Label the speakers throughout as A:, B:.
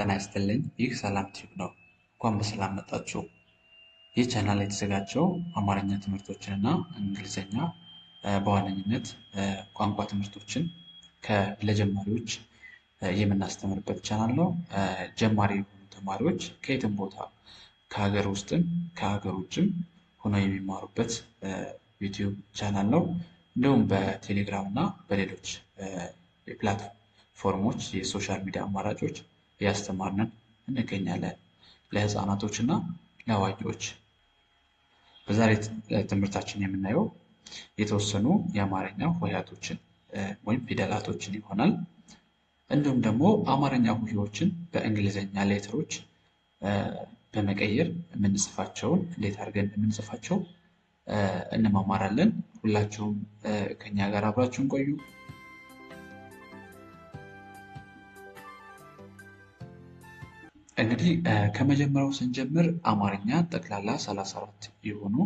A: ጤና ይስጥልኝ። ይህ ሰላም ቲዩብ ነው። እንኳን በሰላም መጣችሁ። ይህ ቻናል የተዘጋጀው አማርኛ ትምህርቶችንና እንግሊዝኛ በዋነኝነት ቋንቋ ትምህርቶችን ለጀማሪዎች የምናስተምርበት ቻናል ነው። ጀማሪ የሆኑ ተማሪዎች ከየትም ቦታ ከሀገር ውስጥም ከሀገር ውጭም ሆነው የሚማሩበት ዩቲዩብ ቻናል ነው። እንዲሁም በቴሌግራም እና በሌሎች ፕላትፎርሞች የሶሻል ሚዲያ አማራጮች እያስተማርንን እንገኛለን ለህፃናቶች እና ለአዋቂዎች። በዛሬ ትምህርታችን የምናየው የተወሰኑ የአማርኛ ሆሄያቶችን ወይም ፊደላቶችን ይሆናል። እንዲሁም ደግሞ አማርኛ ሆሄዎችን በእንግሊዝኛ ሌተሮች በመቀየር የምንጽፋቸውን እንዴት አድርገን የምንጽፋቸው እንማማራለን። ሁላችሁም ከኛ ጋር አብራችሁን ቆዩ። እንግዲህ ከመጀመሪያው ስንጀምር አማርኛ ጠቅላላ 34 የሆኑ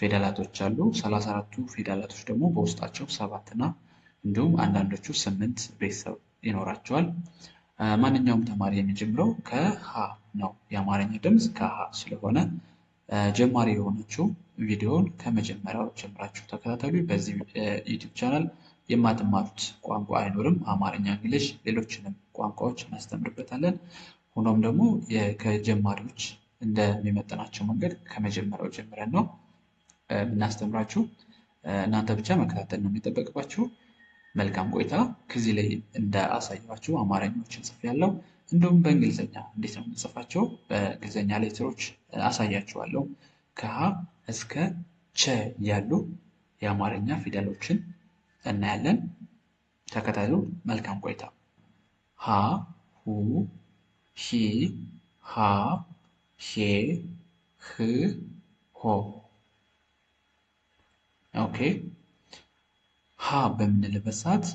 A: ፊደላቶች አሉ። 34ቱ ፊደላቶች ደግሞ በውስጣቸው ሰባትና እንዲሁም አንዳንዶቹ ስምንት ቤተሰብ ይኖራቸዋል። ማንኛውም ተማሪ የሚጀምረው ከሀ ነው። የአማርኛ ድምፅ ከሀ ስለሆነ ጀማሪ የሆነችው ቪዲዮውን ከመጀመሪያው ጀምራችሁ ተከታተሉ። በዚህ ዩቲዩብ ቻናል የማትማሩት ቋንቋ አይኖርም። አማርኛ፣ እንግሊሽ፣ ሌሎችንም ቋንቋዎች እናስተምርበታለን። ሆኖም ደግሞ ከጀማሪዎች እንደሚመጥናቸው መንገድ ከመጀመሪያው ጀምረን ነው የምናስተምራችሁ። እናንተ ብቻ መከታተል ነው የሚጠበቅባችሁ። መልካም ቆይታ። ከዚህ ላይ እንዳሳየኋችሁ አማርኛዎችን ጽፌያለሁ። እንዲሁም በእንግሊዝኛ እንዴት ነው የምንጽፋቸው በእንግሊዝኛ ሌተሮች አሳያችኋለሁ። ከሀ እስከ ቸ ያሉ የአማርኛ ፊደሎችን እናያለን። ተከታተሉ። መልካም ቆይታ። ሀ ሁ ሂ ሃ ሄ ህ ሆ። ኦኬ ሃ በምንልበት ሰዓት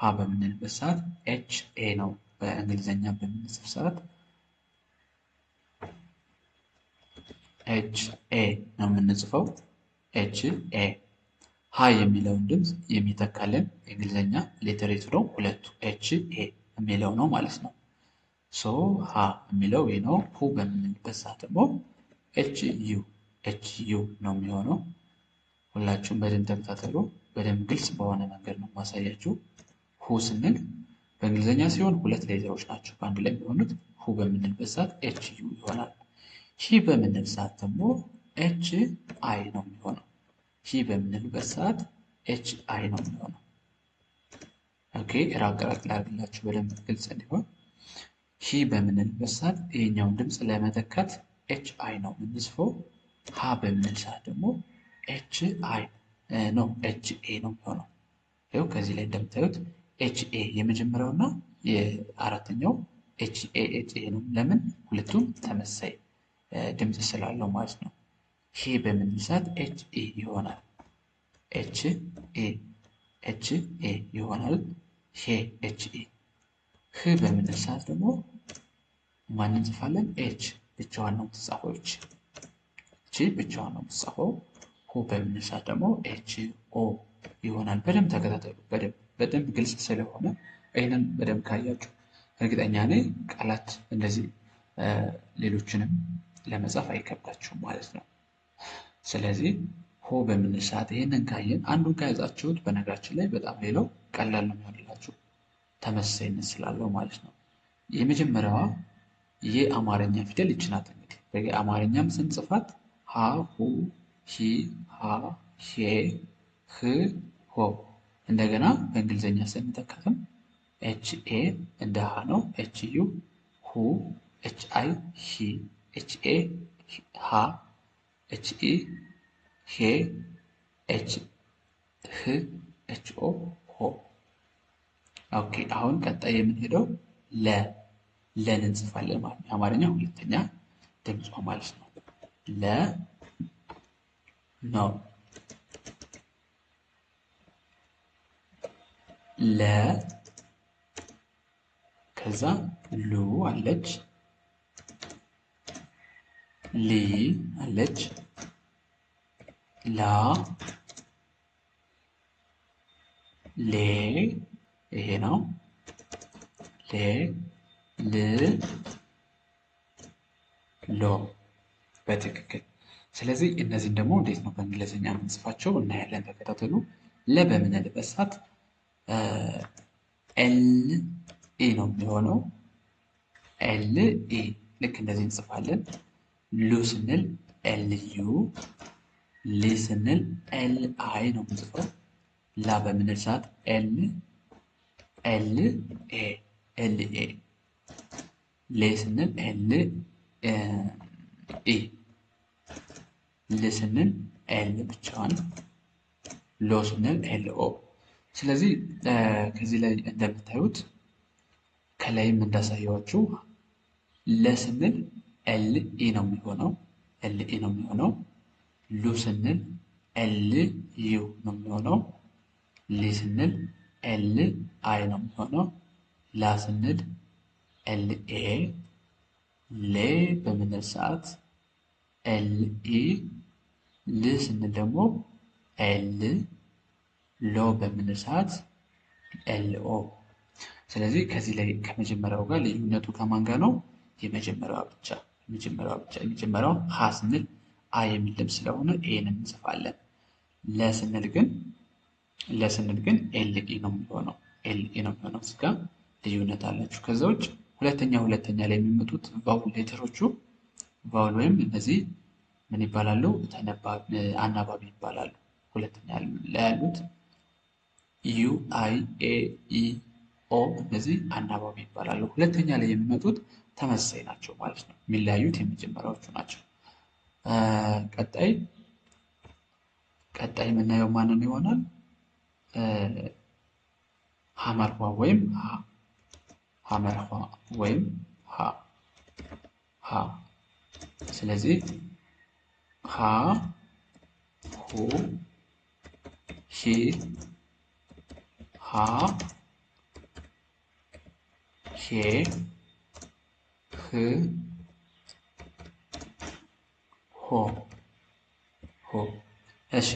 A: ሃ በምንልበት ሰዓት ኤች ኤ ነው በእንግሊዝኛ በምንጽፍ ሰዓት ኤች ኤ ነው የምንጽፈው። ኤች ኤ ሃ የሚለውን ድምፅ የሚተካልን የእንግሊዝኛ ሌተሬቱ ነው። ሁለቱ ኤች ኤ የሚለው ነው ማለት ነው። ሶ ሀ የሚለው ይህ ነው። ሁ በምንልበት ሰዓት ደግሞ ኤች ዩ ኤች ዩ ነው የሚሆነው። ሁላችሁም በደንብ ተከታተሉ። በደንብ ግልጽ በሆነ መንገድ ነው ማሳያችሁ። ሁ ስንል በእንግሊዝኛ ሲሆን ሁለት ሌዘሮች ናቸው በአንድ ላይ የሚሆኑት። ሁ በምንልበት ሰዓት ኤች ዩ ይሆናል። ሂ በምንል ሰዓት ደግሞ ኤች አይ ነው የሚሆነው። ሂ በምንልበት ሰዓት ኤች አይ ነው የሚሆነው። ኦኬ ራቅ ራቅ ላድርግላችሁ በደንብ ግልጽ እንዲሆን ሂ በምንልበት ሰዓት ይሄኛውን ድምፅ ለመተካት ኤች አይ ነው የምንጽፈው። ሀ በምንል ሰዓት ደግሞ ኤች አይ ነው ኤች ኤ ነው የሚሆነው። ይኸው ከዚህ ላይ እንደምታዩት ኤች ኤ እና የአራተኛው ኤች ኤ ኤች ኤ ነው። ለምን ሁለቱም ተመሳይ ድምፅ ስላለው ማለት ነው። ሄ በምንል ሰዓት ኤች ኤ ይሆናል። ኤች ኤ ኤች ኤ ይሆናል። ሄ ኤች ኤ ህ በምንል ሰዓት ደግሞ ማን እንጽፋለን? ኤች ብቻዋን ነው የምትጻፈው። ይች እቺ ብቻዋን ነው የምትጻፈው። ሆ በምንል ሰዓት ደግሞ ኤች ኦ ይሆናል። በደንብ ተከታተሉ። በደንብ በደንብ ግልጽ ስለሆነ ይህንን በደንብ ካያችሁ እርግጠኛ ነኝ ቃላት እንደዚህ ሌሎችንም ለመጻፍ አይከብዳችሁም ማለት ነው። ስለዚህ ሆ በምንል ሰዓት ይህንን ካየን አንዱን ከያዛችሁት በነገራችን ላይ በጣም ሌላው ቀላል ነው የሚሆንላችሁ። ተመሳሳይነት ስላለው ማለት ነው። የመጀመሪያዋ የአማርኛ ፊደል ይች ናት። እንግዲህ በአማርኛም ስንጽፋት ሀ ሁ ሂ ሃ ሄ ህ ሆ። እንደገና በእንግሊዝኛ ስንተካትም ኤች ኤ እንደ ሀ ነው። ኤች ዩ ሁ፣ ኤች አይ ሂ፣ ኤች ኤ ሀ ኤች ኢ ሄ፣ ኤች ህ፣ ኤች ኦ ሆ ኦኬ አሁን ቀጣይ የምንሄደው ለ ለን እንጽፋለን ማለት ነው። የአማርኛ ሁለተኛ ድምጿ ማለት ነው። ለ ኖ ለ ከዛ ሉ አለች ሊ አለች ላ ሌ ይሄ ነው። ሌ ል ሎ በትክክል ስለዚህ እነዚህን ደግሞ እንዴት ነው በእንግሊዝኛ የምንጽፋቸው እናያለን። ተከታተሉ። ለ በምንልበት ሰዓት ኤል ኤ ነው የሚሆነው። ኤል ኤ ልክ እንደዚህ እንጽፋለን። ሉ ስንል ኤል ዩ፣ ሊ ስንል ኤል አይ ነው የምንጽፈው። ላ በምንል ሰዓት ኤል ኤል ኤ ኤል ኤ ሌ ስንል ኤል ኢ ል ስንል ኤል ብቻዋን ሎ ስንል ኤል ኦ። ስለዚህ ከዚህ ላይ እንደምታዩት ከላይም እንዳሳየዋችሁ ለ ስንል ኤል ኢ e ነው የሚሆነው ኤል ኢ e ነው የሚሆነው። ሉ ስንል ኤል ዩ ነው የሚሆነው። ሊ ስንል ኤል አይ ነው የሚሆነው። ላ ስንል ኤል ኤ፣ ሌ በምንል ሰዓት ኤል ኢ፣ e ል ስንል ደግሞ ኤል፣ ሎ በምንል ሰዓት ኤል ኦ። ስለዚህ ከዚህ ላይ ከመጀመሪያው ጋር ልዩነቱ ከማን ጋር ነው? የመጀመሪያዋ ብቻ የመጀመሪያዋ ብቻ። የመጀመሪያው ሀ ስንል አይ የሚል ስለሆነ ኤን እንጽፋለን። ለ ስንል ግን ለስንል ግን ኤልኢ ነው የሚሆነው። ኤልኢ ነው የሚሆነው። እዚህ ጋር ልዩነት አላችሁ። ከዛ ውጭ ሁለተኛ ሁለተኛ ላይ የሚመጡት ቫውል ሌተሮቹ ቫውል ወይም እነዚህ ምን ይባላሉ? አናባቢ ይባላሉ። ሁለተኛ ላይ ያሉት ዩ አይ ኤ ኢ ኦ እነዚህ አናባቢ ይባላሉ። ሁለተኛ ላይ የሚመጡት ተመሳሳይ ናቸው ማለት ነው። የሚለያዩት የመጀመሪያዎቹ ናቸው። ቀጣይ ቀጣይ የምናየው ማንን ይሆናል? ሐመርኋ ወይም ሀ ሐመርኋ ወይም ሀ ሀ ስለዚህ ሀ ሁ ሂ ሃ ሄ ህ ሆ ሆ እሺ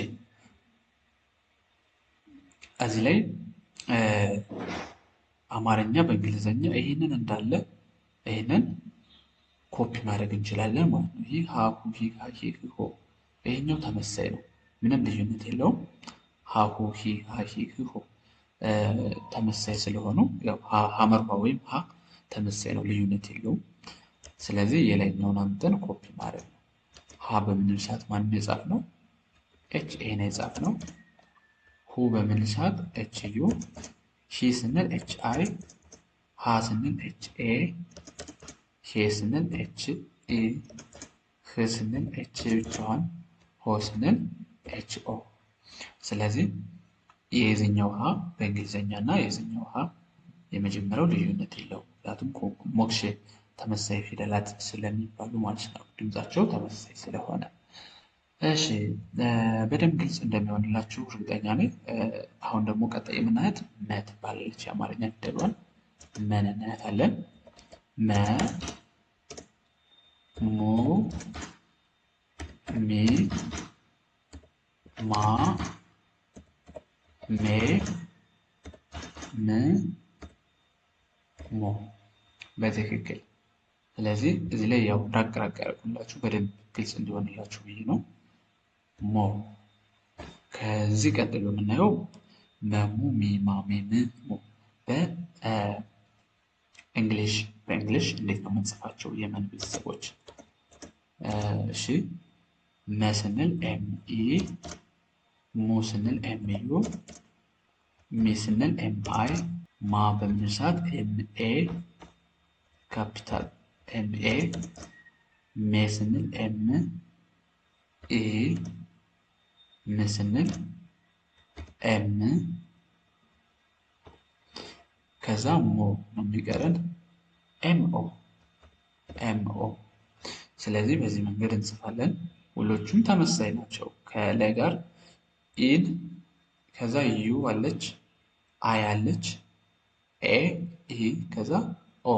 A: እዚህ ላይ አማርኛ በእንግሊዘኛ ይህንን እንዳለ ይህንን ኮፒ ማድረግ እንችላለን ማለት ነው። ይህ ሀሁ ይህኛው ተመሳይ ነው። ምንም ልዩነት የለውም። ሀሁ ሂ ሂ ተመሳይ ስለሆኑ ሀመርባ ወይም ሀ ተመሳይ ነው፣ ልዩነት የለውም። ስለዚህ የላይኛውን አምጠን ኮፒ ማድረግ ነው። ሀ በምንም ሰዓት ማንን የጻፍ ነው? ኤች ይህን የጻፍ ነው። ሁ በምንሳት ኤች ዩ፣ ሺ ስንል ኤች አይ፣ ሀ ስንል ኤች ኤ፣ ሄ ስንል ኤች ኤ፣ ህ ስንል ኤች ብቻዋን፣ ሆ ስንል ኤች ኦ። ስለዚህ የየዝኛው ሀ በእንግሊዝኛ እና የዝኛው ሀ የመጀመሪያው ልዩነት የለው ምክንያቱም ሞክሼ ተመሳሳይ ፊደላት ስለሚባሉ ማለት ነው። ድምጻቸው ተመሳሳይ ስለሆነ እሺ በደንብ ግልጽ እንደሚሆንላችሁ እርግጠኛ ነኝ። አሁን ደግሞ ቀጣይ የምናያት መ ትባላለች። የአማርኛ ፊደሏን መን እናያታለን። መ ሙ ሚ ማ ሜ ም ሞ በትክክል። ስለዚህ እዚህ ላይ ያው ራቅ በደንብ ግልጽ እንዲሆንላችሁ ብዬ ነው። ሞ ከዚህ ቀጥሎ የምናየው መሙ ሜማ ሜም ሞ በእንግሊሽ በእንግሊሽ እንዴት ነው የምንጽፋቸው የመን ቤተሰቦች? እሺ መ ስንል ኤም ኢ፣ ሙ ስንል ኤም ዩ፣ ሚ ስንል ኤም አይ፣ ማ በምንል ሰዓት ኤም ኤ ካፒታል ኤም ኤ፣ ሜ ስንል ኤም ኢ ም ስንል ኤም ከዛ ሞ ነው የሚቀረን ኤምኦ ኤምኦ። ስለዚህ በዚህ መንገድ እንጽፋለን። ሁሎቹም ተመሳሳይ ናቸው። ከላይ ጋር ኢን ከዛ ዩ አለች አይ አለች ኤ ኢ ከዛ ኦ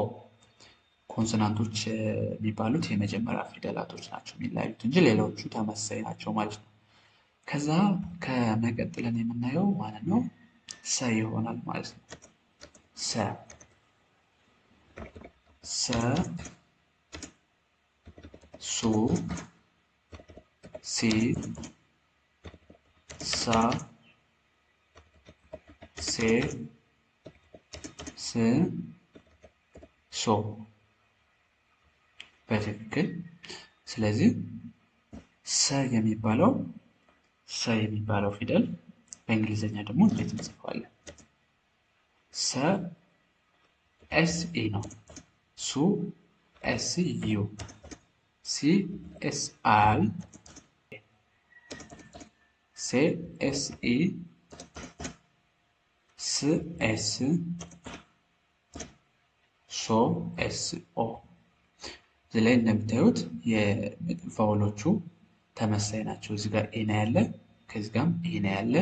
A: ኮንሶናንቶች የሚባሉት የመጀመሪያ ፊደላቶች ናቸው የሚለያዩት እንጂ ሌሎቹ ተመሳሳይ ናቸው ማለት ነው። ከዛ ከመቀጥለን የምናየው ማለት ነው ሰ ይሆናል ማለት ነው። ሰ ሰ ሱ ሲ ሳ ሴ ስ ሶ በትክክል። ስለዚህ ሰ የሚባለው ሰ የሚባለው ፊደል በእንግሊዝኛ ደግሞ እንዴት እንጽፈዋለን? ሰ ኤስኢ ነው። ሱ ኤስ ዩ፣ ሲ ኤስ አይ፣ ሴ ኤስ ኢ፣ ስ ኤስ፣ ሶ ኤስ ኦ። እዚህ ላይ እንደምታዩት የቫውሎቹ ተመሳይ ናቸው። እዚህ ጋር ኤ ነው ከዚህ ጋም ይሄን ያለ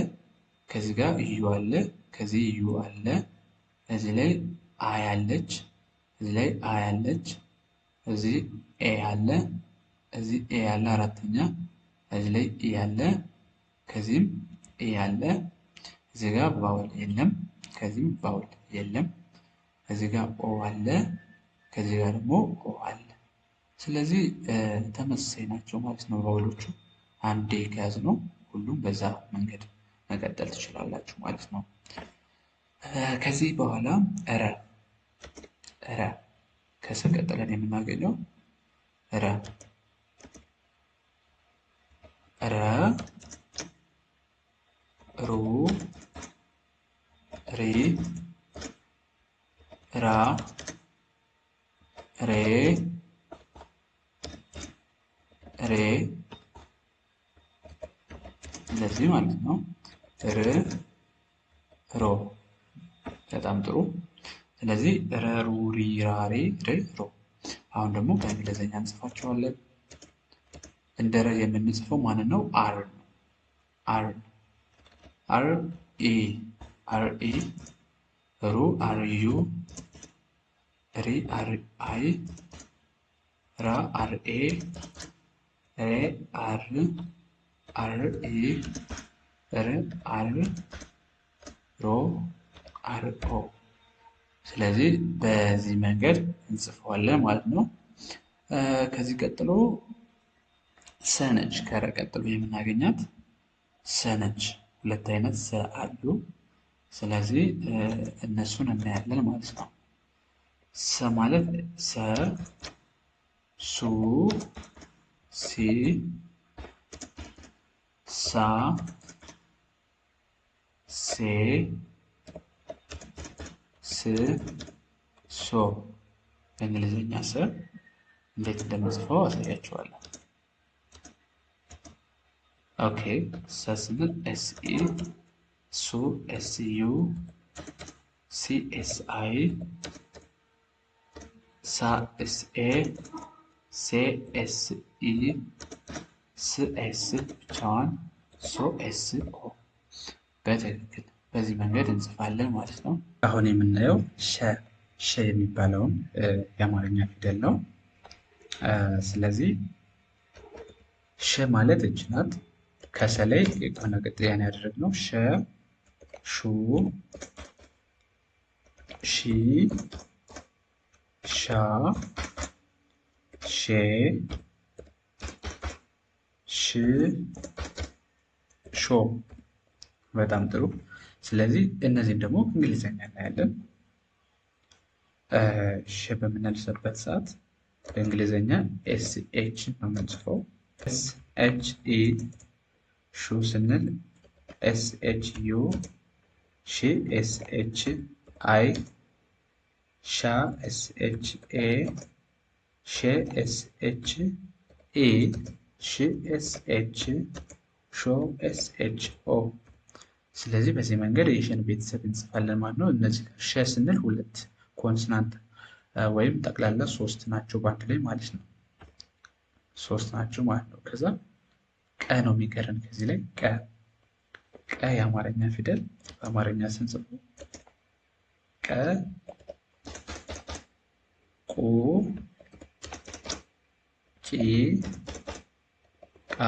A: ከዚህ ጋር እዩ አለ ከዚህ እዩ አለ እዚ ላይ አ ያለች እዚ ላይ አ አለች እዚህ ኤ አለ እዚህ ኤ ያለ አራተኛ እዚህ ላይ ኤ አለ ከዚህም ኤ አለ እዚህ ባውል የለም ከዚህም ባውል የለም እዚ ጋ ኦ አለ ከዚህ ጋር ደግሞ ኦ አለ ስለዚህ ተመሳሳይ ናቸው ማለት ነው ባውሎቹ አንዴ ከያዝ ነው ሁሉም በዛ መንገድ መቀጠል ትችላላችሁ ማለት ነው። ከዚህ በኋላ ረ ረ ከስር ቀጥለን የምናገኘው ረ ረ ሩ ሪ ራ ሬ ሬ እንደዚህ ማለት ነው። ር ሮ በጣም ጥሩ። ስለዚህ ረሩሪራሬ ሮ። አሁን ደግሞ በእንግሊዝኛ እንጽፋቸዋለን። እንደ ረ የምንጽፈው ማንን ነው? አር አር አር ኤ አር ኤ ሩ አር ዩ ሪ አር አይ ራ አር ኤ ሬ አር አር ኢ ር አር ሮ አር ኦ። ስለዚህ በዚህ መንገድ እንጽፈዋለን ማለት ነው። ከዚህ ቀጥሎ ሰነች ከረ ቀጥሎ የምናገኛት ሰነች ሁለት አይነት ሰ አሉ። ስለዚህ እነሱን እናያለን ማለት ነው። ሰ ማለት ሰ ሱ ሲ ሳ ሴ ስ ሶ በእንግሊዝኛ ስ እንዴት እንደምጽፈው አሳያችኋለሁ። ኦኬ ሳ ስንል ኤስኢ ሱ ኤስዩ ሲ ኤስ አይ ሳ ኤስኤ ሴ ኤስኢ ስኤስ ብቻዋን ሶኤስ ኦ በትክክል በዚህ መንገድ እንጽፋለን ማለት ነው። አሁን የምናየው ሸ ሸ የሚባለውን የአማርኛ ፊደል ነው። ስለዚህ ሸ ማለት እጅ ናት። ከሰላይ የሆነ ቅጥያን ነው። ሸ ሹ ሺ ሻ ሼ ሽ ሾ በጣም ጥሩ። ስለዚህ እነዚህን ደግሞ እንግሊዝኛ እናያለን። ሽ በምንልስበት ሰዓት በእንግሊዝኛ ኤስ ኤች ነው የምንጽፈው። ኤስ ኤች ኢ ሹ ስንል ኤስ ኤች ዩ ሺ ኤስ ኤች አይ ሻ ኤስ ኤች ኤ ሼ ኤስ ኤች ኢ ሺኤስኤች ሾ ኤስኤች ኦ ስለዚህ በዚህ መንገድ የሸን ቤተሰብ እንጽፋለን ማለት ነው። እነዚህ ሸ ስንል ሁለት ኮንስናንት ወይም ጠቅላላ ሶስት ናቸው በአንድ ላይ ማለት ነው። ሶስት ናቸው ማለት ነው። ከዛ ቀ ነው የሚቀረን ከዚህ ላይ ቀ ቀ የአማርኛ ፊደል በአማርኛ ስንጽፉ ቀ ቁ ቂ ቃ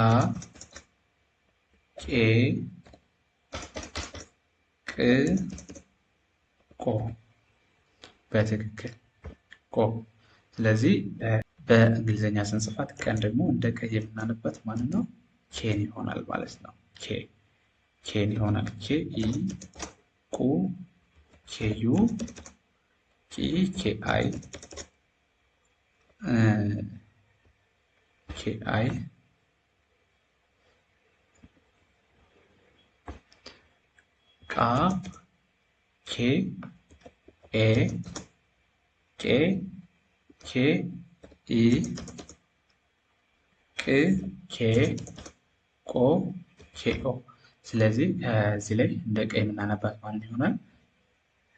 A: ቄ ቅ ቆ በትክክል ቆ። ስለዚህ በእንግሊዝኛ ስንጽፋት ቀን ደግሞ እንደ ቀ የምናነበት ማን ነው ኬን ይሆናል ማለት ነው። ኬ ኬን ይሆናል። ኬ ኢ ቁ ኬዩ ቂ ኬ አይ ኬ አይ ቃ ኬ ኤ ቄ ኬ ኢ ቅ ኬ ቆ ኬ ኦ። ስለዚህ እዚ ላይ እንደ ቀ የምናነባት ማለት ይሆናል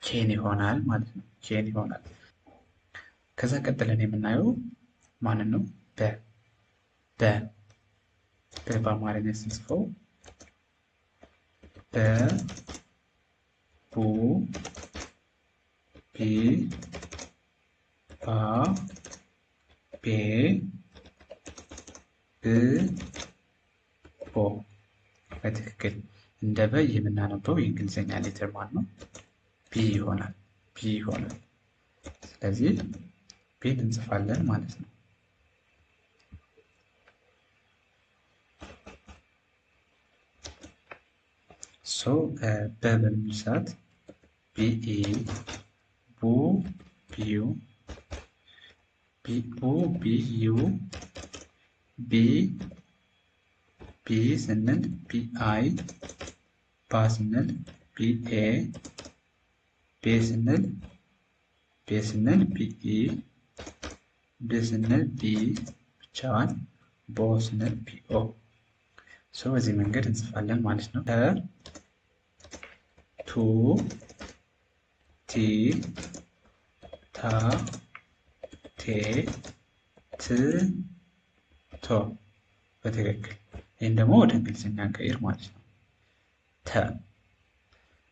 A: ኬን ይሆናል ማለት ነው። ኬን ይሆናል። ከዛ ቀጥለን የምናየው ማንን ነው? በ በ በ በአማርኛ ስንጽፈው በ ፑ ቢ ባ ፔ ፕ ፖ በትክክል እንደ በ የምናነበው የእንግሊዝኛ ሌተር ማለት ነው። ፒ ይሆናል። ቢ ይሆናል። ስለዚህ ፒን እንጽፋለን ማለት ነው። ሶ በ በምንል ሰዓት ቢኢ ቡ ቢዩ ቡ ቢዩ ቢ ቢ ስንል ቢአይ ባ ስንል ቢኤ ቤ ስንል ቤ ስንል ቢኢ ብ ስንል ቢ ብቻዋን ቦ ስንል ቢኦ ሶ በዚህ መንገድ እንጽፋለን ማለት ነው። ቱ ቲ ታ ቴ ት ቶ በትክክል ይህን ደግሞ ወደ እንግሊዝኛ ቀይር ማለት ነው። ተ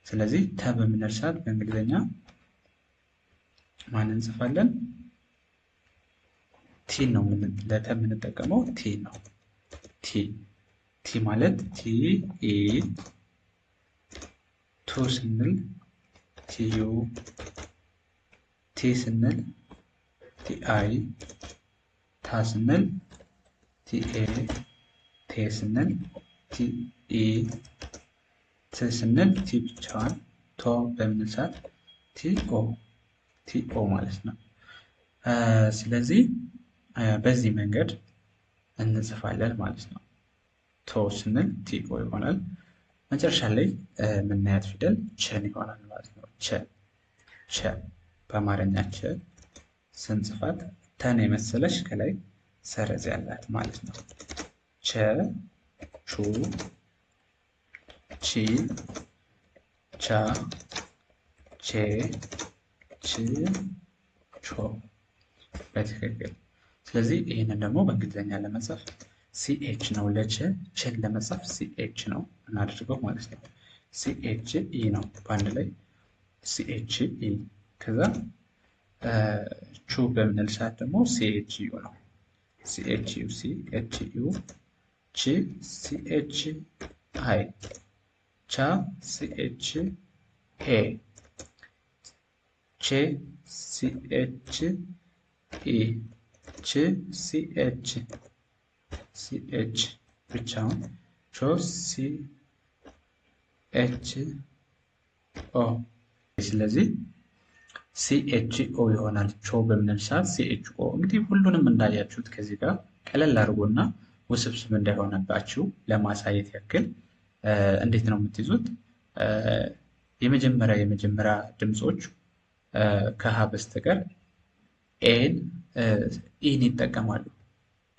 A: ስለዚህ ተ በምንል ሰዓት በእንግሊዝኛ ማን እንጽፋለን? ቲ ነው። ለተ የምንጠቀመው ቲ ነው። ቲ ቲ ማለት ቲ ኢ ቱ ስንል ቲዩ ቲ ስንል አይ ታ ስንል ቲኤ ቴ ስንል ቲኢ ት ስንል ቲ ብቻዋን ቶ በምንል ሰዓት ቲኦ ቲኦ ማለት ነው። ስለዚህ በዚህ መንገድ እንጽፋለን ማለት ነው። ቶ ስንል ቲኦ ይሆናል። መጨረሻ ላይ የምናያት ፊደል ቸን ይሆናል ማለት ነው። ቸ ቸ በአማርኛ ቸ ስንጽፋት ተን የመሰለች ከላይ ሰረዝ ያላት ማለት ነው። ቸ ቹ ቺ ቻ ቼ ች ቾ በትክክል። ስለዚህ ይህንን ደግሞ በእንግሊዝኛ ለመጻፍ ሲኤች ነው። ለች ችን ለመጻፍ ሲኤች ነው እናደርገው ማለት ነው። ሲኤች ኢ ነው በአንድ ላይ ሲኤች ኢ ከዛ ቹ በምንል ሰዓት ደግሞ ሲኤች ዩ ነው። ሲኤች ዩ ሲኤች ዩ ቺ ሲኤች አይ ቻ ሲኤች ኤ ቼ ሲኤች ኢ ቺ ሲኤች ሲኤች ብቻውን ቾስ ሲኤች ኦ ስለዚህ ሲኤች ኦ ይሆናል። ቾ በምንል ሰዓት ሲኤች ኦ እንግዲህ ሁሉንም እንዳያችሁት ከዚህ ጋር ቀለል አድርጎና ውስብስብ እንዳይሆነባችሁ ለማሳየት ያክል እንዴት ነው የምትይዙት? የመጀመሪያ የመጀመሪያ ድምፆች ከሀ በስተቀር ኤን ኢን ይጠቀማሉ።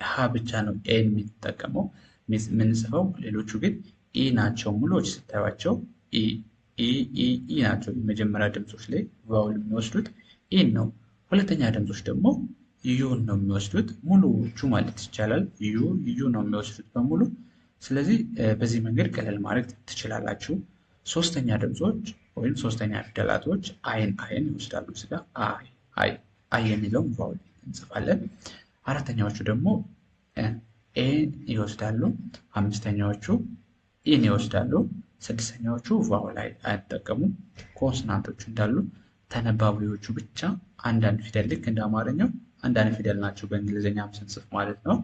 A: ሀ ብቻ ነው ኤ የሚጠቀመው የምንጽፈው። ሌሎቹ ግን ኢ ናቸው። ሙሉዎች ስታዩቸው ኢ ናቸው። የመጀመሪያ ድምፆች ላይ ቫውል የሚወስዱት ኢን ነው። ሁለተኛ ድምፆች ደግሞ ዩን ነው የሚወስዱት። ሙሉዎቹ ማለት ይቻላል ዩ ዩ ነው የሚወስዱት በሙሉ። ስለዚህ በዚህ መንገድ ቀለል ማድረግ ትችላላችሁ። ሶስተኛ ድምፆች ወይም ሶስተኛ ፊደላቶች አይን አይን ይወስዳሉ። ስጋ አይ አይ የሚለውን ቫውል እንጽፋለን። አራተኛዎቹ ደግሞ ኤን ይወስዳሉ። አምስተኛዎቹ ኢን ይወስዳሉ። ስድስተኛዎቹ ላይ አይጠቀሙም። ኮንስናንቶቹ እንዳሉ ተነባቢዎቹ ብቻ አንዳንድ ፊደል ልክ እንደ አማርኛው አንዳንድ ፊደል ናቸው በእንግሊዝኛ ስንጽፍ ማለት ነው።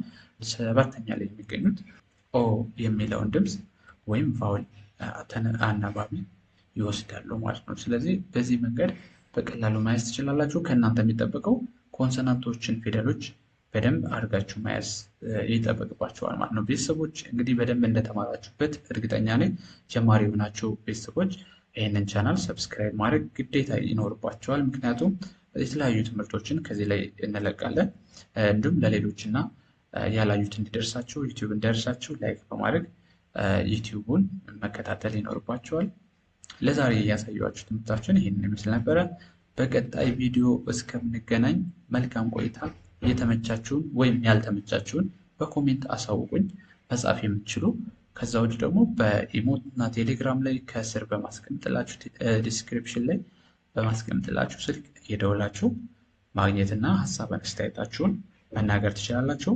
A: ሰባተኛ ላይ የሚገኙት ኦ የሚለውን ድምፅ ወይም ቫውል አናባቢ ይወስዳሉ ማለት ነው። ስለዚህ በዚህ መንገድ በቀላሉ ማየት ትችላላችሁ። ከእናንተ የሚጠበቀው ኮንሶናንቶችን ፊደሎች በደንብ አድርጋችሁ መያዝ ይጠበቅባችኋል ማለት ነው። ቤተሰቦች እንግዲህ በደንብ እንደተማራችሁበት እርግጠኛ ነኝ። ጀማሪ የሆናችሁ ቤተሰቦች ይህንን ቻናል ሰብስክራይብ ማድረግ ግዴታ ይኖርባቸዋል። ምክንያቱም የተለያዩ ትምህርቶችን ከዚህ ላይ እንለቃለን። እንዲሁም ለሌሎችና ያላዩት እንዲደርሳቸው ዩቲዩብ እንዲደርሳቸው ላይክ በማድረግ ዩቲዩቡን መከታተል ይኖርባቸዋል። ለዛሬ እያሳየኋችሁ ትምህርታችን ይህንን ይመስል ነበረ። በቀጣይ ቪዲዮ እስከምንገናኝ መልካም ቆይታ የተመቻችሁን ወይም ያልተመቻችሁን በኮሜንት አሳውቁኝ መጻፍ የምትችሉ ከዛ ውጭ ደግሞ በኢሞት እና ቴሌግራም ላይ ከስር በማስቀምጥላችሁ ዲስክሪፕሽን ላይ በማስቀምጥላችሁ ስልክ እየደወላችሁ ማግኘትና ሀሳብ አስተያየታችሁን መናገር ትችላላችሁ።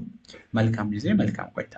A: መልካም ጊዜ፣ መልካም ቆይታ።